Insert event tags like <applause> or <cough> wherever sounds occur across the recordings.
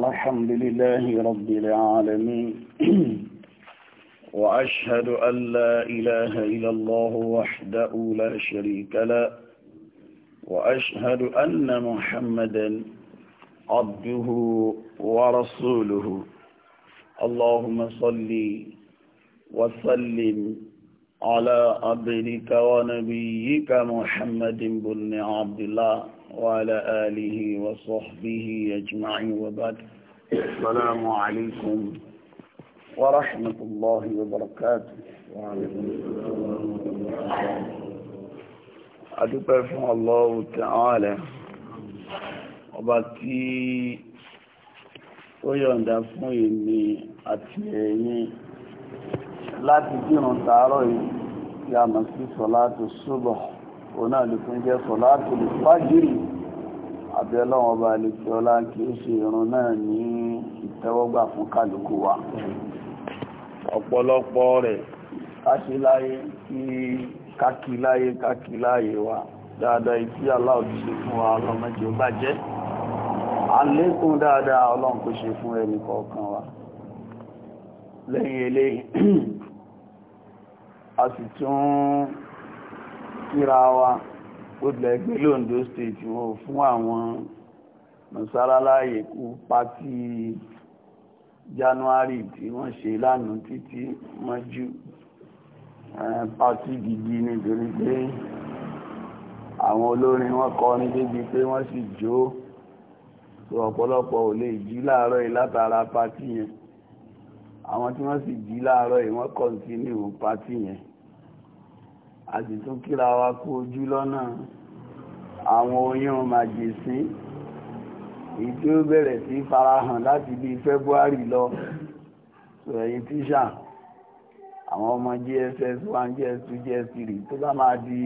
الحمد لله رب العالمين <clears throat> وأشهد أن لا إله إلا الله وحده لا شريك له وأشهد أن محمدا عبده ورسوله اللهم صل وسلم على عبدك ونبيك محمد بن عبد الله وعلى آله وصحبه أجمعين وبعد السلام عليكم ورحمة الله وبركاته أدبر فهو الله تعالى وبعدتي ويوند فهمي أتيني لا تجينو تعالي يا مسيح صلاة الصبح ọ̀nà lùkún jẹ́ sọ̀látù lè fájìrì àbí ọlọ́run ọba àlèkè ọlá kì í ṣe ìrun náà ní ìtẹ́wọ́gbà fún kálukú wa ọ̀pọ̀lọpọ̀ rẹ̀ káṣíláyé kí kákíláyé kákíláyé wa dáadáa ìtí aláòdì ṣe fún wa ọlọ́mọdé ó bàjẹ́ àlékún dáadáa ọlọ́run kò ṣe fún ẹnì kọ̀ọ̀kan wa lẹ́yìn eléyìí <clears throat> a sì tún síra wa ó tilẹ̀ gbé londo state wọn ò fún àwọn nasaraláyè kú pátí january tí wọ́n ṣe lánàá títí mọ́jú pátí gidi nítorí pé àwọn olórin wọn kọrin débi pé wọ́n sì jó tó ọ̀pọ̀lọpọ̀ ò lè jí láàárọ̀ yìí látara pátí yẹn àwọn tí wọ́n sì jí láàárọ̀ yìí wọ́n kọ́ntínú pátí yẹn àti tó kíra wa kó ojú lọ́nà àwọn oyún màjèsí èyí tí ó bẹ̀rẹ̀ sí farahàn láti bí february lọ ẹ̀yìn tíṣà àwọn ọmọ jss one js two js three tó bá máa di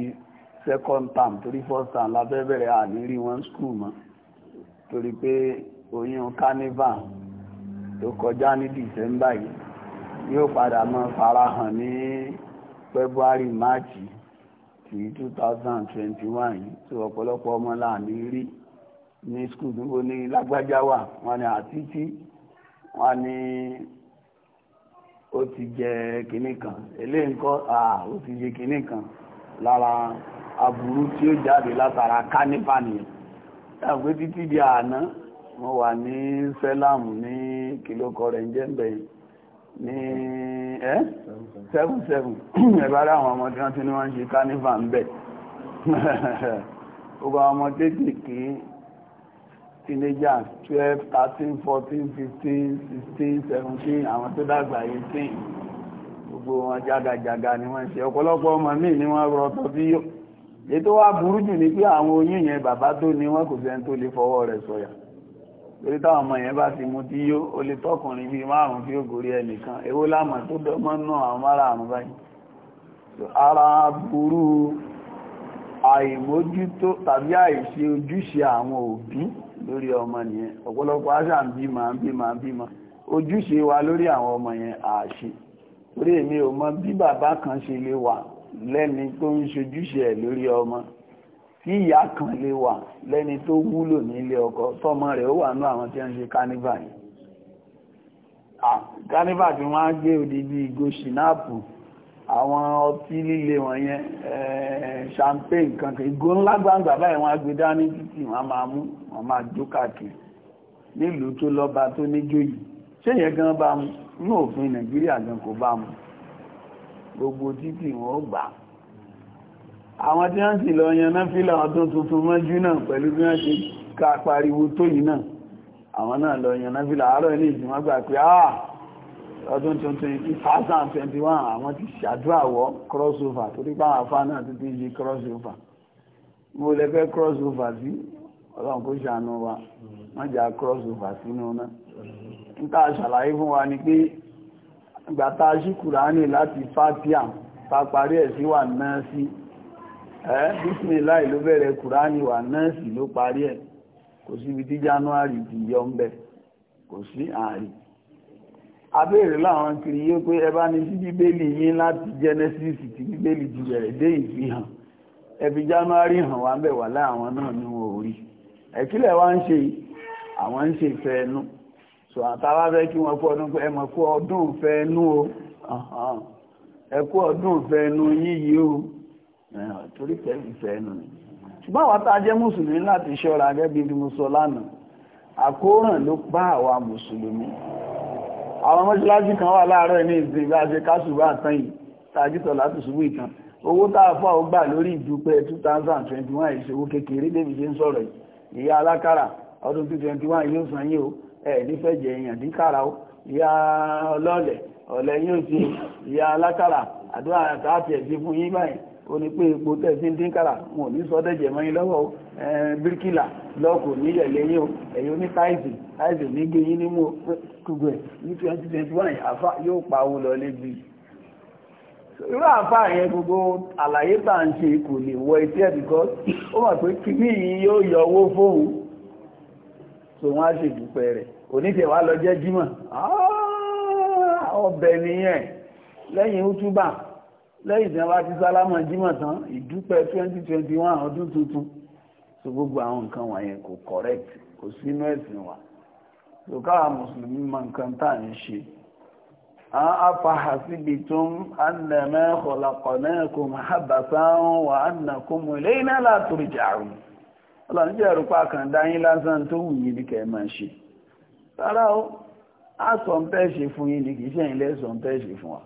second term torí first term lábẹ́ bẹ̀rẹ̀ àníírí wọn school mọ́ torí pé oyún carnival tó kọjá ní december yìí yóò padà mọ́ farahàn ní february march yìí ti 2021 yìí tó ọ̀pọ̀lọpọ̀ ọmọ láàánú rí ní skul níbo ní lágbájá wà wọn ni àtítí wọn ni ó ti jẹ kinní kan eléyìí ńkọ́ à ó ti jẹ kinní kan lára aburú tí ó jáde látara kánífà nìyẹn ẹgbẹ́ títí di àná mo wà ní sẹ́lámù ní kìlókọ rẹ̀ ń jẹ́ ń bẹ̀yìn ní ẹ́ 77 ẹ̀bá àwọn ọmọ tí wọ́n ti ní wọ́n ń ṣe kánífà ń bẹ̀ gbogbo àwọn ọmọ kéékèèké teenagers 12 13 14 15 16 17 àwọn tó dàgbà 18 gbogbo wọn jágajàga ni wọ́n ṣe ọ̀pọ̀lọpọ̀ ọmọ míì ni wọ́n rọ ọtọ bí yóò ètò wa burú jù ní pé àwọn oyún yẹn bàbá tó ní wọn kò sẹ́ni tó lè fọwọ́ rẹ̀ torí táwọn ọmọ yẹn bá ti mú tí yó o lè tọkùnrin bíi márùn tí ó gorí ẹnìkan èwo lámà tó dọ́gbọ́n náà àwọn márààrún báyìí ara burú àìmójútó tàbí àìṣe ojúṣe àwọn òbí lórí ọmọ nìyẹn ọ̀pọ̀lọpọ̀ àṣà ń bímọ ń bímọ ń bímọ ojúṣe wa lórí àwọn ọmọ yẹn àṣe torí èmi ò mọ bí bàbá kan ṣe lè wà lẹ́ni tó ń ṣojúṣe ẹ̀ lórí ọmọ tí ìyá kan lè wà lẹ́ni tó wúlò ní ilé ọkọ tọ́mọ rẹ̀ ó wà ní àwọn tí ó ń ṣe kánífà yìí kánífà tí wọ́n á gbé odidi ìgò ṣìnáàpù àwọn ọtí líle wọ̀nyẹn eh, champagne kankan ìgò ńlá gbangba báyìí wọ́n á gbé dání títì wọ́n máa mú wọ́n máa jó káàkiri nílùú tó lọ́ba tó níjó yìí ṣé yẹn gan bá mu inú òfin nàìjíríà gan kò bá mu gbogbo títì wọn ó gbà á àwọn tí wọ́n sì lọ yanná fílà ọdún tuntun mọ́jú náà pẹ̀lú bí wọ́n ṣe ká pariwo tó yìí náà àwọn náà lọ yanná fílà àárọ̀ ilé ìjìmọ́ gbà pé ah ọdún tuntun ti ṣàdúrà wọ́ crossover torí pàwọn afá náà ti yí crossover mo lè fẹ́ crossover sí ọlọ́run kó ṣàánú wa wọ́n jà crossover sínú náà níta ṣàlàyé fún wa ni pé gbàtà ṣíkùrá ní láti fatia ta ẹ̀ sí wà náà sí bísmìláì ló bẹ̀rẹ̀ kùránì wà nọ́ọ̀sì ló parí ẹ̀ kò síbi tí ti yọ ń bẹ̀ kò sí ààrí abéèrè láwọn kiri yé pé ẹ bá ní sí bíbélì láti genesis ti bíbélì ti bẹ̀rẹ̀ dé ẹbí hàn wá bẹ̀ wà láwọn náà ní wọn ò rí so fẹ́ kí wọ́n kú ọdún pé ẹ mọ̀ kú ọdún ẹnu o torí pẹ̀lú ìfẹ́ ẹnu ni ṣùgbọ́n àwọn tá a jẹ́ mùsùlùmí láti ṣọ́ra gẹ́gẹ́ bí mo sọ lánàá àkóràn ló pa àwa mùsùlùmí àwọn mọ́ṣáláṣí kan wà láàárọ̀ ní ìsìn bá ṣe káṣùbà àtàn yìí tàjítọ̀ láti ṣubú ìtàn owó tààfà ó gbà lórí ìdúpẹ́ 2021 ìṣòwò kékeré débi ṣe ń sọ̀rọ̀ ìyá alákàrà ọdún 2021 yóò san yíò ẹ̀ nífẹ̀jẹ̀ èèyàn díkàrà ó ìyá ọlọ́ọ̀lẹ̀ ọ̀lẹ̀ yóò ṣe ìyá alákàrà àdúrà àti ẹ̀sìn fún yín báyìí ó ní pé epo tẹ̀sí ń dín kàrà wọn ò ní sọ dẹ̀jẹ̀ mọ́ yín lọ́wọ́ bíríkìlà lọ́ọ̀kù níyẹ̀ lẹ́yìn o ẹ̀yìn oní táìsì táìsì ní gbé yín nímú gbogbo ẹ̀ ní 2021 àfa yóò pa owó lọ lébi irú àfa yẹn gbogbo àlàyé bá ń ṣe kò lè wọ etí ẹ̀ because ó mọ̀ pé kíní yìí yóò yọ owó fóun so wọ́n á ṣèdúpẹ́ rẹ̀ oníṣẹ̀wá lọ jẹ́ jímọ̀ ọbẹ̀ nìyẹn lẹ́yìn útúbà lẹ́yìn tí wọ́n bá ti sálámà jímọ̀ tán ìdúpẹ́ 2021 ọdún tuntun so gbogbo àwọn nǹkan wọ̀nyẹn kò correct kò sínú ẹ̀sìn wa so káwa mùsùlùmí mọ nǹkan tá à ń ṣe afahasibitum annama khalaqnakum habasan wa annakum ilayna la turja'un ọlọ́run jẹ́ ẹ̀rùpá kan dáyín lásán tó wù yìí ní kẹ́ máa ṣe rárá ó á sọ ń tẹ́ ṣe fún yìí ní kìí ṣẹ́yìn lẹ́sọ̀ ń tẹ́ ṣe fún wa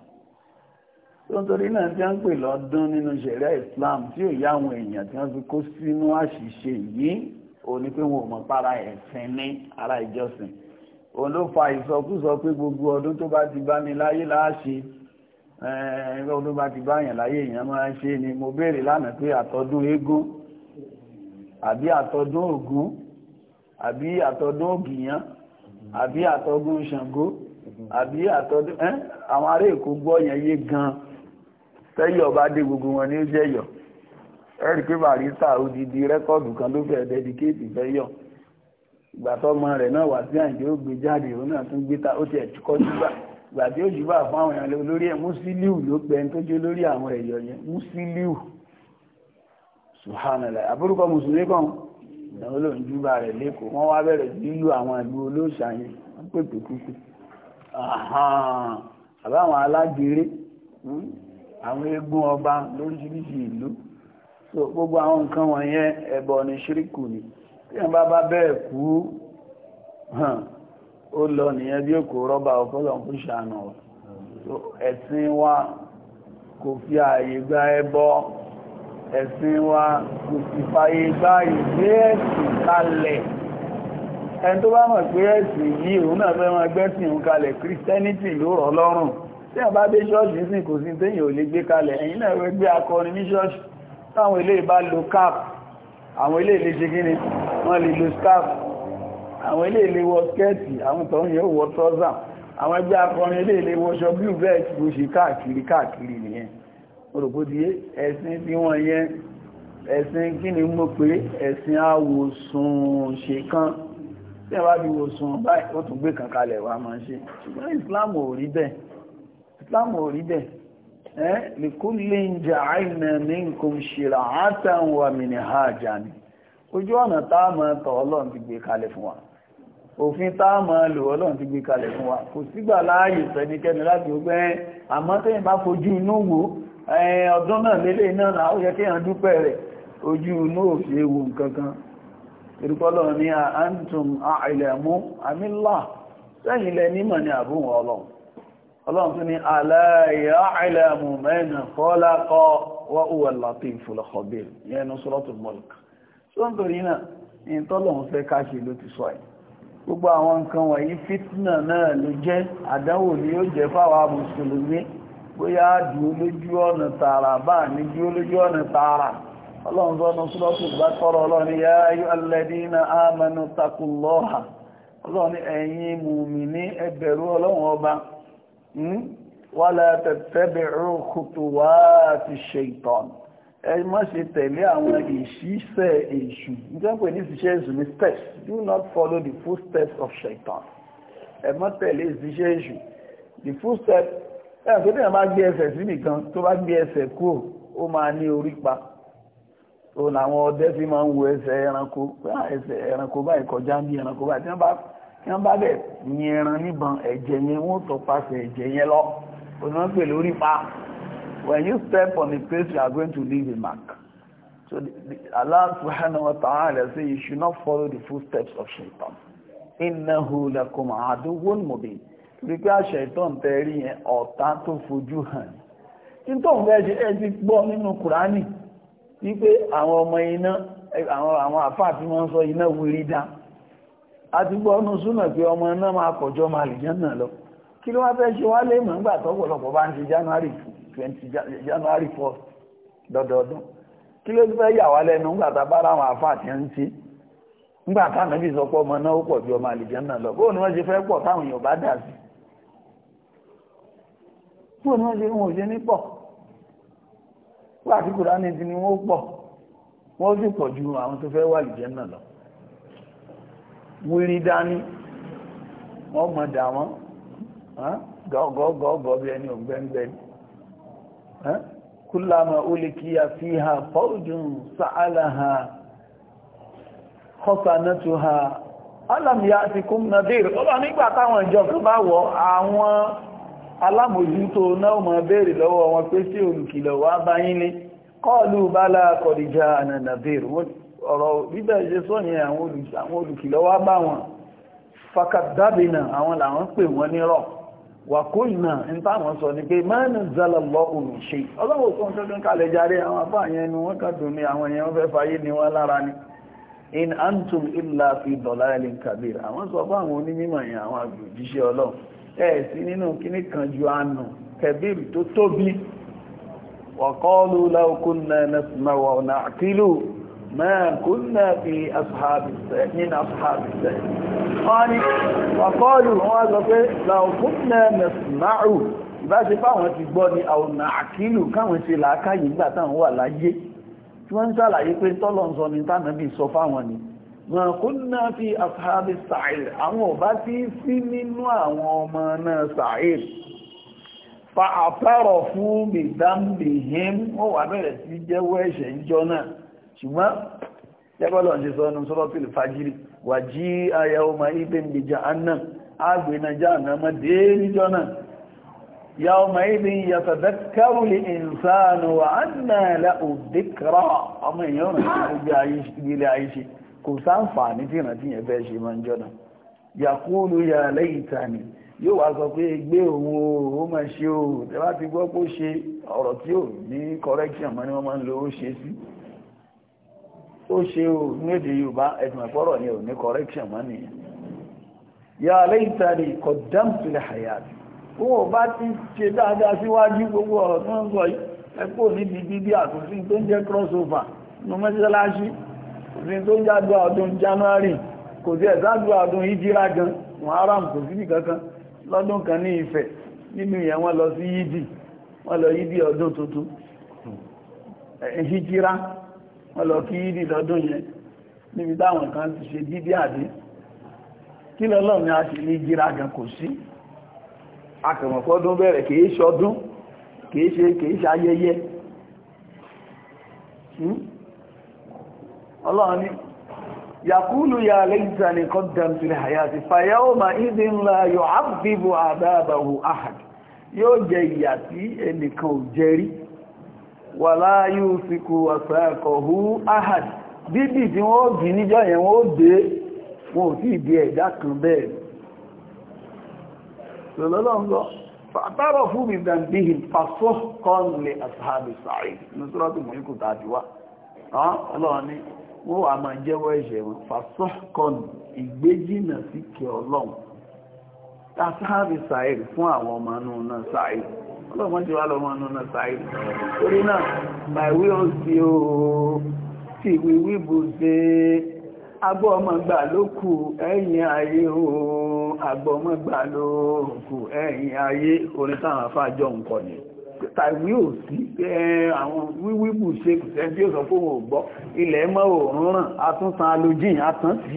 tó ń torí náà tí wọ́n pè lọ́dún nínú ṣẹ̀ríà Islam tí ò yá àwọn èèyàn tí wọ́n fi kó sínú àṣìṣe yìí ò ní pé wọn ò mọ̀ para ẹ̀sìn ní ara ìjọsìn òun ló fa ìsọkúsọ pé gbogbo ọdún tó bá ti bá ní láyé láàṣe eh, ẹgbẹ́ ọdún bá ti bá yàn láyé èèyàn máa ń ṣe ni mo béèrè lánàá pé àtọdún eégún àbí àtọdún ògún àbí àtọdún ògìyàn àbí àtọdún ṣàngó àbí àtọdún ẹ eh, àwọn ará èkó gbọ́ yẹn yé gan-an tẹ́yọ̀ bá dé gbogbo wọn ní ó jẹ́yọ̀ ẹ̀rí pé barista odidi rẹ́kọ́ọ̀dù kan ló fẹ́ẹ́ dẹ́díkéètì fẹ́yọ̀ ìgbà tọ́mọ rẹ̀ náà wà sí àǹjẹ́ ó gbé jáde òun náà tún gbé ta ó ti ẹ̀tukọ́ jùbà ìgbà tí ó jùbà fún àwọn èèyàn lórí ẹ̀ Musiliu ló pẹ́ ń tó jẹ́ lórí àwọn ẹ̀yọ̀ yẹn Musiliu subhanallah àbúrúkọ mùsùlùmí kan ìyàwó ló ń júbà rẹ̀ lẹ́kọ̀ọ́ wọ́n wá bẹ̀rẹ̀ sí lu àwọn ìlú olóòṣà yẹn wọ́n pèpè kúkú àbáwọn alágbèrè hmm? àwọn eégún ọba lóríṣiríṣi ìlú so gbogbo àwọn nǹkan wọ̀nyẹn ẹbọ ni ṣíríkù ni tí wọ́n bá bá bẹ́ẹ̀ kú hàn ó lọ nìyẹn bí òkú rọ́bà ọ̀pọ̀lọ̀ fún ṣàánà ẹ̀sìn wa kò fi ààyè gba ẹbọ ẹ̀sìn wa kò sì fààyè gba ìgbé ẹ̀sìn kalẹ̀ ẹni tó bá mọ̀ pé ẹ̀sìn yìí òun náà fẹ́ máa gbẹ́sìn òun kalẹ̀ kírísítẹ́nítì ló rọ̀ lọ́rùn tí a bá dé ṣọ́ọ̀ṣì sí kò sí téyìn ò lè gbé kalẹ̀ ẹ̀yin náà wẹ́ gbé akọrin ní ṣọ́ọ̀ṣì táwọn ilé ìbá lo cap àwọn ilé ilé ṣe gíní wọ́n lè lo scarf àwọn ilé ilé wọ skẹ́ẹ̀tì àwọn tó yẹ wọ trọ́sà àwọn ẹgbẹ́ akọrin ilé ilé wọṣọ blue vest bó ṣe káàkiri káàkiri nìyẹn olùkódìyé ẹ̀sìn tí wọ́n yẹn ẹ̀sìn kí ni mo pé ẹ̀sìn awòsùn ṣe kan tí a bá fi wòsùn báyìí wọ́n tún gbé kankalẹ̀ wa máa ń ṣe ṣùgbọ́n Islam ò rí bẹ́ẹ̀ islam ò rí bẹ́ẹ̀ lèkúlé ń jà àìnà minkum shira'atan wa minhajan ojú ọ̀nà táàmà tọ̀ ọlọ́run ti gbé kalẹ̀ fún wa òfin táàmà lò ọlọ́run ti gbé kalẹ̀ fún wa kò sígbà láàyè fẹ́nikẹ́ni láti ọgbẹ́ inú náà lélẹ̀ ọlọ́run tún ní aláyà àìlàmù mẹ́nà kọ́lákọ́ wọ́n òwà láti ìfòlọ̀kọ̀bẹ̀ yẹnu sọ́lọ́tù mọ́lùkà ṣó ń torí náà ní tọ́lọ̀hún fẹ́ káṣe ló ti sọ ẹ̀ gbogbo àwọn nǹkan wọ̀nyí fitna náà ló jẹ́ àdánwò ni ó jẹ́ fáwọn mùsùlùmí bóyá dúó lójú ọ̀nà tààrà bá ní dúó lójú ọ̀nà tààrà ọlọ́run sọ́nà sọ́lọ́tù bá tọ́rọ ọlọ́run yá ayú alẹ́dínà ámẹ́nu takùlọ́hà ọlọ́run ẹ̀yin mùmí ní ọlọ́run ọba Hmm? wala tattabi'u khutuwati shaytan ẹ má ṣe tẹ̀lé àwọn ìṣísẹ̀ èṣù nígbàgbé ní ìṣiṣẹ́ èṣù ní steps do not follow the full steps of shaytan ẹ má tẹ̀lé ìṣiṣẹ́ èṣù the footsteps ẹ̀ tó dẹ̀ bá gbé ẹsẹ̀ sí nìkan tó bá gbé ẹsẹ̀ kúrò ó máa ní orí pa òun làwọn ọdẹ fi máa ń wo ẹsẹ̀ ẹranko ah, ẹsẹ̀ ẹranko báyìí kọjá bí ẹranko báyìí tí wọ́n bá wọ́n bá bẹ̀ yin níbọn ẹ̀jẹ̀ yẹn wọ́n tó pàṣẹ ẹ̀jẹ̀ yẹn lọ òun pè lórí pa when you step on a place you are going to leave a mark so Allah subhanahu wa ta'ala say you should not follow the footsteps of shaitan innahu lakum aduwwun mubin torí pé àṣẹ ìtàn tẹ́rí yẹn ọ̀tá tó fojú hàn ní tó ń fẹ́ ṣe ẹ ti gbọ́ nínú kùránì wípé àwọn ọmọ iná àwọn àfáà tí wọ́n sọ iná wírí dá a ti gbọ́ ọ́nù súnà pé ọmọ náà máa pọ̀jọ́ máa lè jẹ́ náà lọ kí ló wá fẹ́ ṣe wá lè mọ̀ nígbà tọ́pọ̀lọpọ̀ bá ń ṣe january 20 january 4 dọ́dọọdún kí ló fẹ́ yà wá lẹ́nu nígbà tá a bá ráwọn àfáà tí ń ṣe nígbà táwọn ẹbí sọ pé ọmọ náà ó pọ̀ ju ọmọ àlìjẹ́ náà lọ bóun ni wọ́n ṣe fẹ́ pọ̀ táwọn èèyàn bá dà sí bóun ni wọ́n ṣe wọn ò ṣe ní pọ̀ wírí dání wọ́n mọ̀ dà wọ́n bí ẹni ògbẹ́ngbẹ́ni kúlámà ulikiya fiha fawjun sa'alaha khasanatuha alam ya'tikum nadhir ọlọ́ nígbà táwọn ìjọ kan bá wọ àwọn alámòjútó náà mọ̀ béèrè lọ́wọ́ wọn pé sí olùkìlọ̀ wá báyín ní kọlù bala wọ́n ọ̀rọ̀ bíbẹ̀ ṣe sọ ní àwọn olùkìlọ̀ wá bá wọn fakadábìnà àwọn làwọn pè wọ́n nírọ̀ wà kó ìnà ń táwọn sọ ní pé mẹ́rin zálọ̀lọ́ olùṣe ọlọ́wọ́ kan tó ń kalẹ̀ járe àwọn apá àyẹn ni wọ́n kàdùn ní àwọn èèyàn fẹ́ fayé ni wọ́n lára ni in antum illa fi dalalin kabir àwọn sọ fún àwọn onímọ̀ ما كنا في أصحاب السعيد من أصحاب السعيد قال وقالوا هذا لو كنا نسمع ìbáṣe fáwọn ti gbọ́ ni àwọn àkílù káwọn ti làákàyè ìgbà táwọn wà láyé tí wọ́n ń sàlàyé pé tọ́lọ̀ ń sọ ní tánàbí sọ fáwọn ni ma kunna fi ashabi sa'ir àwọn ò bá ti sí nínú àwọn ọmọ náà sa'ir fa àpẹ́rọ̀ fún bìdámbìhìm ó wà bẹ̀rẹ̀ sí jẹ́wọ́ ẹ̀ṣẹ̀ ìjọ náà ṣùgbọ́n jẹ́bọ́lọ̀ ṣe sọ ọ́nà sọ́rọ́pìlì fàjírí wà jí ayẹ ọmọ ibè ń bèjà anna agbènajà àmà déèríjọ́ náà ya ọmọ ibè ń yàtọ̀ dẹ́kẹ́rùlì ìsànù wà ánà ilẹ̀ òdíkra ọmọ èèyàn rẹ̀ kò sáǹfààní tí ìrántí yẹn fẹ́ ṣe máa ń jọ́nà yàkúlù yà lẹ́yìn tani yóò wá sọ pé gbé òun ó máa ṣe o tẹ́wàá ti gbọ́ pé ṣe ọ̀rọ̀ tí ò ní correction mọ́ ni wọ́n máa ń lo ó ṣe sí ó ṣe o ní èdè yorùbá ẹ̀sùn ẹ̀fọ́rọ̀ ni ò ní correction mọ́ nìyẹn ya aláìtàrí kọ̀dámtìlẹ̀ hayati wọn ò bá ti ṣe dáadáa síwájú gbogbo ọ̀rọ̀ tó ń sọ ẹ̀kọ́ níbi bíbí àtúnṣí tó ń jẹ́ crossover nínú mẹ́sàlásí òfin tó ń jádùá ọdún january kò sí ẹ̀sádùá ọdún ìjírá gan wọn aram kò sí nìkankan lọ́dún kan ní Ifẹ̀ nínú yẹn wọ́n lọ sí yídì wọ́n lọ yídì ọdún tuntun ìjírá wọ́n lọ kí ìdí lọ́dún yẹn níbi táwọn kan ti ṣe dídí àdé kí lọ́lọ́run ni a ṣe ní jíra gan kò sí akẹ̀mọ̀kọ́dún bẹ̀rẹ̀ kìí ṣọdún kìí ṣe kìí ṣe ayẹyẹ hmm? ọlọ́run ni yàkúlù ya lẹ́yìntà ní àyàtì fàyàwó ma ìdí ńlá yóò yóò jẹ wà láàáyú síkú ọ̀sá ẹ̀kọ̀hú ahad bíbì tí wọ́n dì níjọ́ yẹn wọ́n dé wọn ò tí ìdí ẹ̀dá kan bẹ́ẹ̀ lọ́lọ́lọ́lọ́ fàtàrọ̀ fún mi pàṣọ kọ́nlẹ̀ àṣàbì sàárì fún àwọn ọmọ náà ọlọ́mọdé wà lọ́mọ ọ̀nà sàáyé torí náà by way of the tí wíwí bù ṣe agbọ́ ọmọ gbà ló ẹ̀yìn ayé o agbọ́ ọmọ gbà ló kù ẹ̀yìn ayé orin táwọn afájọ́ nǹkan ni tàbí ò sí àwọn wíwí bù ṣe kù sẹ́ tí ó sọ fóun ò gbọ́ ilẹ̀ mọ́ òórùn ràn atúnsan alójìn atán sí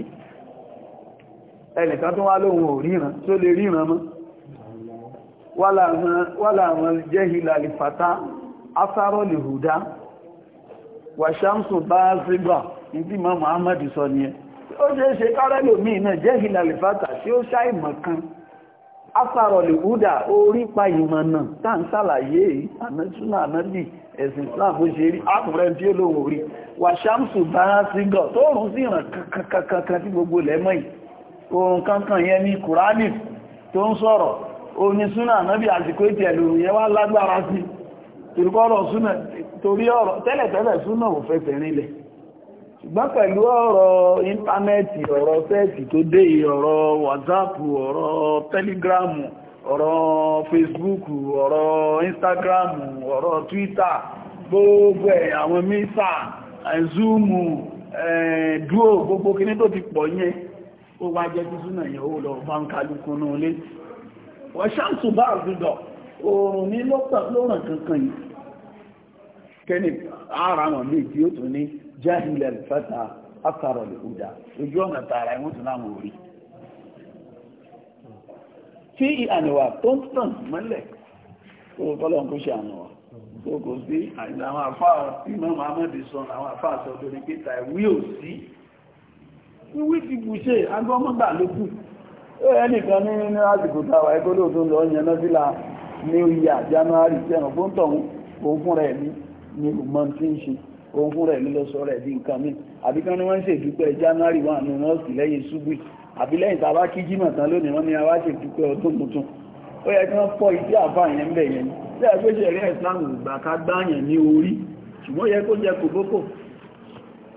ẹnìkan tó wá lóhun ò ríran tó lè ríran mọ́ wala àwọn jẹ́hìlà alifata fàtà afárọ́ lè hùdá wàṣámsù bá zígbà ìdí ma Muhammad sọ ni ẹ ó ṣe ṣe kárẹ́lò míì náà jẹ́hìlà kan afárọ̀ lè húdà orí pa náà tá ń sàlàyé ànásúnà ànábì kan gbogbo tó ń oní súnà náàbí àsìkò ìtì ẹ̀lòrùn yẹn wá lágbára sí torí ọrọ tẹ́lẹ̀tẹ́lẹ̀ súnà ò fẹsẹ̀ rinlẹ̀ ṣùgbọ́n pẹ̀lú ọrọ íńtánẹ́ẹ̀tì ọrọ tẹ́ẹ̀tì tó dé ọ̀rọ̀ ọrọ ọ̀rọ̀ ọrọ ọ̀rọ̀ ọrọ gbogbo àwọn mísà gbogbo tó ti pọ̀ yẹn ó wá jẹ́ tí súnà lọ bá wọ́n ṣáàtù bá àgbìdọ̀ oòrùn ní lọ́ràn kankan yìí kẹ́ni ara wọn bí tí ó tún ní jahilẹ̀ fẹ́ta afẹ́rọ̀ lè hùdá ojú ọ̀nà tààrà ẹ̀wọ̀n tún láwọn orí tí ìhànìwà tó ń tàn mọ́lẹ̀ olùkọ́lọ́n kó ṣe àná wa tó kò sí àwọn àfáà tí mọ́ ti bù ṣe agbọ́mọ́gbà ló kù ẹnìkan ní nínú àsìkò tàwà ẹgbẹ́ olóòtú lọ yẹn náà sílá new year january sẹ́rùn fún tọ̀hún òun fún rẹ̀ ní ní ọmọ tí ń ṣe òun fún rẹ̀ nílọ sọ rẹ̀ bí nǹkan mi àbí kan ní wọ́n ń ṣe ìdúpẹ́ january wà ní wọ́n sì lẹ́yìn ṣúgbì àbí lẹ́yìn tá a bá kí jìmọ̀ tán lónìí wọ́n ní a wá ṣe ìdúpẹ́ ọdún tuntun ó yẹ kí wọ́n fọ́ ìdí àbá yẹn bẹ̀ yẹn a gbé ṣe rí ẹ̀sán ìgbà ká gbáyàn ní orí ṣùgbọ́n yẹ kó jẹ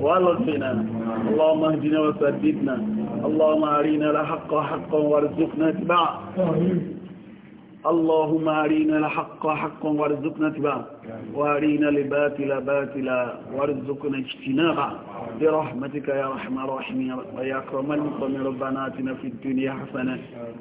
والفنا اللهم اهدنا وسددنا اللهم أرينا الحق حقا وارزقنا اتباعه اللهم أرينا الحق حقا وارزقنا اتباعه وأرينا الباطل باطلا وارزقنا اجتنابه برحمتك يا رحمن الرحيم ويا أكرم المكرمين ربنا آتنا في الدنيا حسنة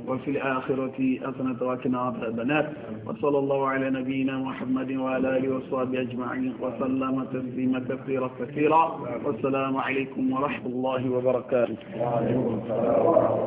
وفي الآخرة حسنة وقنا عذاب النار وصلى الله على نبينا محمد وعلى آله وصحبه أجمعين وسلم تسليما كثيرا كثيرا والسلام عليكم ورحمة الله وبركاته